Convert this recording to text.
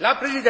La Presidente.